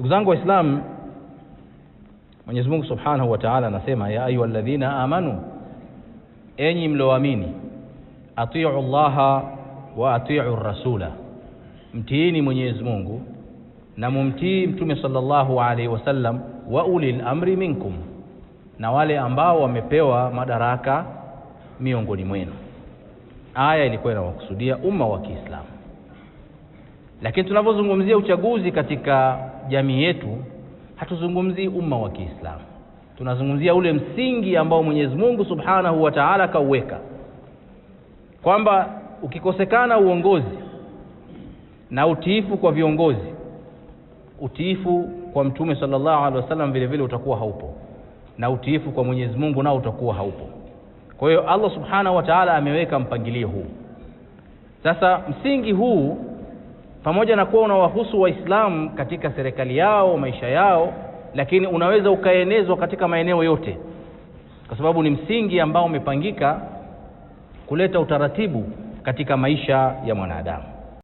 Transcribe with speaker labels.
Speaker 1: Ndugu zangu waislam Mwenyezi Mungu Subhanahu wa Ta'ala anasema ya ayu alladhina amanu, enyi mlioamini, atiu llaha wa atiu rasula, mtiini Mwenyezi Mungu na mumtii Mtume sallallahu alaihi wasallam, wa ulil amri minkum, na wale ambao wamepewa madaraka miongoni mwenu. Aya ilikuwa inawakusudia umma wa Kiislamu, lakini tunavyozungumzia uchaguzi katika jamii yetu hatuzungumzii umma wa Kiislamu, tunazungumzia ule msingi ambao Mwenyezi Mungu Subhanahu wa Ta'ala akauweka kwamba ukikosekana uongozi na utiifu kwa viongozi, utiifu kwa Mtume sallallahu alaihi wasallam vile vile utakuwa haupo, na utiifu kwa Mwenyezi Mungu nao utakuwa haupo. Kwa hiyo Allah Subhanahu wa Ta'ala ameweka mpangilio huu. Sasa msingi huu pamoja na kuwa unawahusu Waislamu katika serikali yao, maisha yao, lakini unaweza ukaenezwa katika maeneo yote, kwa sababu ni msingi ambao umepangika kuleta utaratibu katika maisha ya mwanadamu.